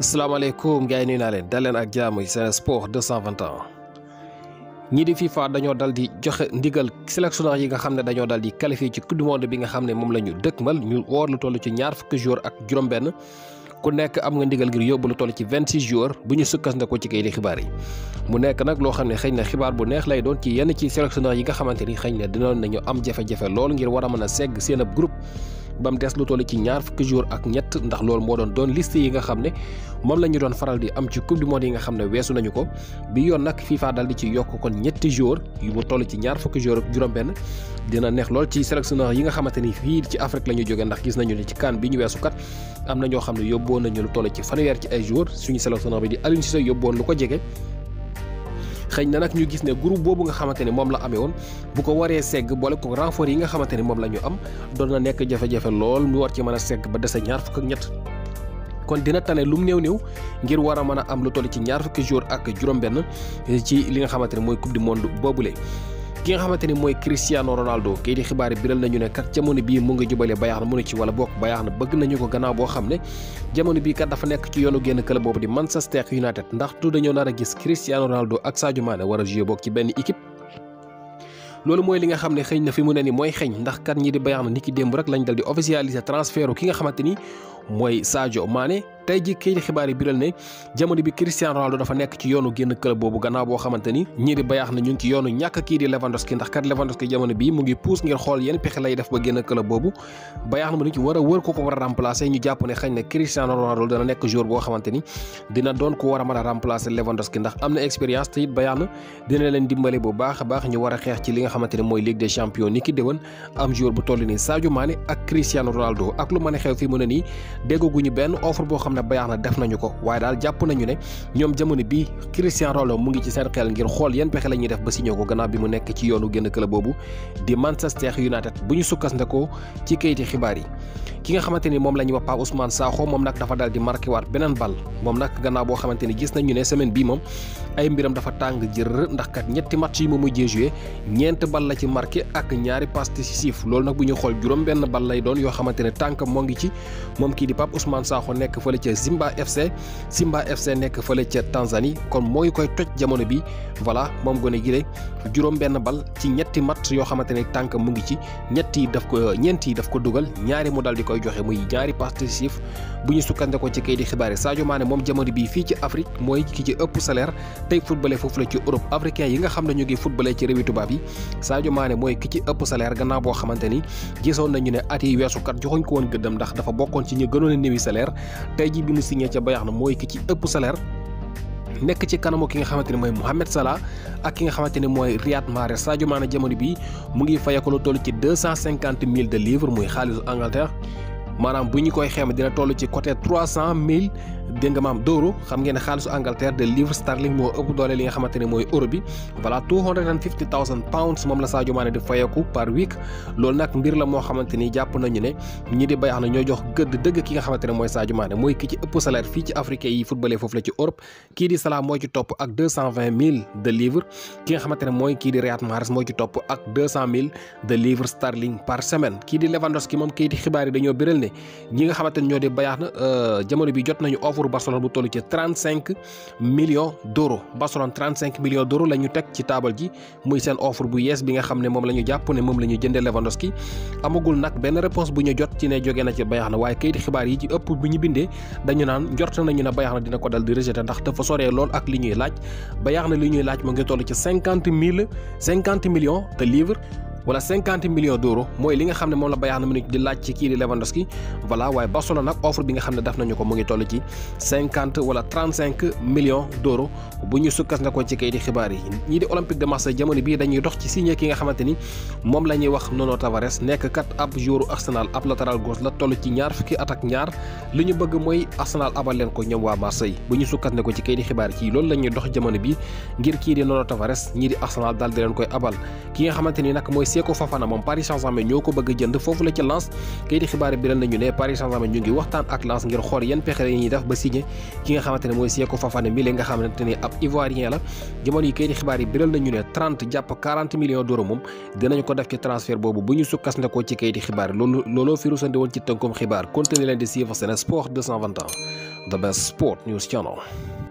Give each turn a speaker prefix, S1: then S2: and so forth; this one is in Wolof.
S1: asalaamaaleykum gars yi nuyu naa leen dal leen ak jaamu seen sport 221 ñii di FIFA dañoo dal di joxe ndigal sélectionneur yi nga xam ne dañoo dal di qualifié ci coupe du monde bi nga xam ne moom la ñu dëkkmal ñu woor lu toll ci ñaar fukki joueurs ak juróom-benn ku nekk am nga ndigal ngir yóbbu lu toll ci vingt 26 jours bu ñu sukkas sukkandiku ci kayit xibaar yi. mu nekk nag loo xam ne xëy na xibaar bu neex lay doon ci yenn ci sélectionneur yi nga xamante ni xëy na dinañ nañu am jafe-jafe lool ngir war a segg seen ab ba mu des lu toll ci ñaar fukki jours ak ñett ndax lool moo doon doon list yi nga xam ne moom la ñu doon faral di am ci coupe du monde yi nga xam ne weesu nañu ko bi yoon nag FIFA dal di ci yokk kon ñetti jours yu mu toll ci ñaar fukki jours ak juróom-benn dina neex lool ci sélectionneur yi nga xamante ni fii ci Afrique la ñu jógee ndax gis nañu ne ci CAN bi ñu weesu kat am na ñoo xam ne yóbboon nañu lu toll ci fanweer ci ay jours suñu sélectionneur bi di Aliou Cissé yóbboon lu ko xëy na nag ñu gis ne groupe boobu nga xamante ne moom la amee woon bu ko waree segg boole ko renfort yi nga xamante ne moom la ñu am doon na nekk jafe-jafe lool mu war ci mën a segg ba dese ñaar fukk ak ñett kon dina tane lum néew néew ngir war a mën a am lu toll ci ñaar fukki jours ak juróom-benn ci li nga xamante ne mooy coupe du monde boobule. ki nga xamante ni mooy Cristiano Ronaldo kii di xibaar yi biral nañu ne kat jamono bii mu ngi jubale Bayern Munich wala bokk Bayern bëgg nañu ko gannaaw boo xam ne jamono bii kat dafa nekk ci yoonu génn club boobu di Manchester United ndax du dañoo nar a gis Cristiano Ronaldo ak Sadio Mané war a jouer bokk ci benn équipe. loolu mooy li nga xam ne xëñ na fi mu ne nii mooy xëñ ndax kat ñi di Bayern ni ki démb rek lañ dal di officialiser transfert ki nga xamante ni mooy Sadio Mané. tey ji kayit xibaar yi biral ne jamono bi Cristiano Ronaldo dafa nekk ci yoonu génn club boobu gannaaw boo xamante ni bayaax na ñu ngi ci yoonu ñàkk kii di Lewandowski ndax kat Lewandowski jamono bi mu ngi puus ngir xool yenn pexe lay def ba génn club boobu bayaax na mu ngi ci war a wër ko ko war a remplacer ñu jàpp ne xañ ne Cristiano Ronaldo dana nekk joueur boo xamante dina doon ko war a mën a remplacer Lewandowski ndax am na expérience xam ne bayaax na def nañu ko waaye daal jàpp nañu ne ñoom jamono bi Cristiano Ronaldo mu ngi ci seen xel ngir xool yan pexe la ñuy def ba signé ko gannaaw bi mu nekk ci yoonu génn këla boobu di Manchester United bu ñu ko ci kayiti xibaar yi ki nga xamanteni mom lañu wax pa Ousmane Sakho mom nak dafa daal di marqué wat benen bal mom nak ganna bo xamanteni gis nañu né semaine bi mom ay mbiram dafa tang jër ndax kat ñetti match yi mu jé jouer ñent bal la ci marqué ak ñaari passe décisif lool nak bu ñu xool benn bal lay doon yo xamanteni tank mo ngi ci mom ki di Pape Ousmane Sakho nek fele ci Simba FC Simba FC nek fele ci Tanzanie kon moy koy toj jamono bi voilà mom gone gi de juróom benn bal ci ñetti match yo xamanteni tank mo ngi ci ñetti daf ko ñenti daf ko duggal ñaari mu dal di ko koy joxe muy ñaari participe bu ñu sukkandekoo ci kayit di xibaar yi Sadio moom jamono bi fii ci Afrique mooy ki ci ëpp salaire tey footballé foofu la ci Europe africain yi nga xam ne ñu ngi footballé ci réewi tubaab yi Sadio mooy ki ci ëpp salaire gannaaw boo xamante ni gisoon nañu ne at yi weesu kat joxuñ ko woon gëddam ndax dafa bokkoon ci ñu gënoon a néewi salaire tey ji bi mu signé ca Bayern mooy ki ci ëpp salaire nekk ci kanamu ki nga xamante ne mooy Mohamed Salah ak nga xamante ne mooy Riyad Mahrez Sadio Mané bi mu ngi fayeeku lu toll ci deux cent cinquante mille de livres muy xaalisu Angleterre maanaam bu ñu koy xeem dina toll ci côté trois cent mille dégg nga maam d'euros xam ngeen xaalisu Angleterre de livre sterling moo ëpp doole li nga xamante ne mooy euro bi voilà two di fayeku par week loolu nag mbir la moo xamante ni jàpp nañu ne ñi di bayax na ñoo jox gëdd dëgg ki nga xamante ne mooy Sadio Mané mooy ki ci ëpp salaire fii ci africain yi footballeur foofu la ci Europe kii di Salah moo ci topp ak mille de livres ki nga xamante ne mooy kii di Riyad Mahrez moo ci topp ak deux cent mille de livres sterling par semaine kii di Lewandowski ne ñi nga xamante ne ñoo di bayaax na euh, jamono bi jot nañu offre Barcelone bu toll ci trent cinq millions d' euros Barcelone trente cinq millions d' la ñu teg ci taabal ji muy seen offre bu yees bi nga xam ne moom la ñu jàpp ne moom la ñu jëndee Lewandowski amagul nag benn réponse bu ñu jot ci ne jóge na ci bayaax na waaye kayiti xibaar yi ci ëpp bu ñu bindee dañu naan njort nañu ne bayaax na dina ko dal di rejeté ndax dafa soree lool ak li ñuy laaj bayaax na li ñuy laaj mu ngi toll ci cinquante mille cinquante millions de livres wala 50 millions d'euros moy li nga xamne mom la Bayern Munich di lacc ci ki di Lewandowski voilà way Barcelona nak offre bi nga xamne daf nañu ko mo ngi toll ci 50 wala 35 millions d'euros bu ñu sukkas nga ko ci kayiti xibaar yi ñi di Olympique de Marseille jamono bi dañuy dox ci signé ki nga xamanteni mom lañuy wax Nuno Tavares nek kat ab joueur Arsenal ab latéral gauche la toll ci ñaar fukki at ak ñaar li ñu bëgg moy Arsenal abal leen ko ñëm wa Marseille bu ñu sukkas ne ko ci di xibaar ci loolu lañuy dox jamono bi ngir ki di Nuno Tavares ñi di Arsenal dal di leen koy abal ki nga xamanteni nak moy Seko Fofana moom Paris Saint-Germain ñoo ko bëgg a jënd foofu la ci Lens kayiti xibaar bi ren nañu ne Paris Saint-Germain ñu ngi waxtaan ak Lens ngir xool yan pexe la ñuy def ba signé ki nga xamante mooy Seko Fofana mi nga xamante ab Ivoirien la jamono yi kayiti xibaar yi biral nañu ne jàpp 40 millions moom dinañu ko def ci transfert boobu bu ñu sukkandikoo ci kayiti xibaar loolu looloo fi rusandi ci tënkum xibaar continuez leen di suivre Sen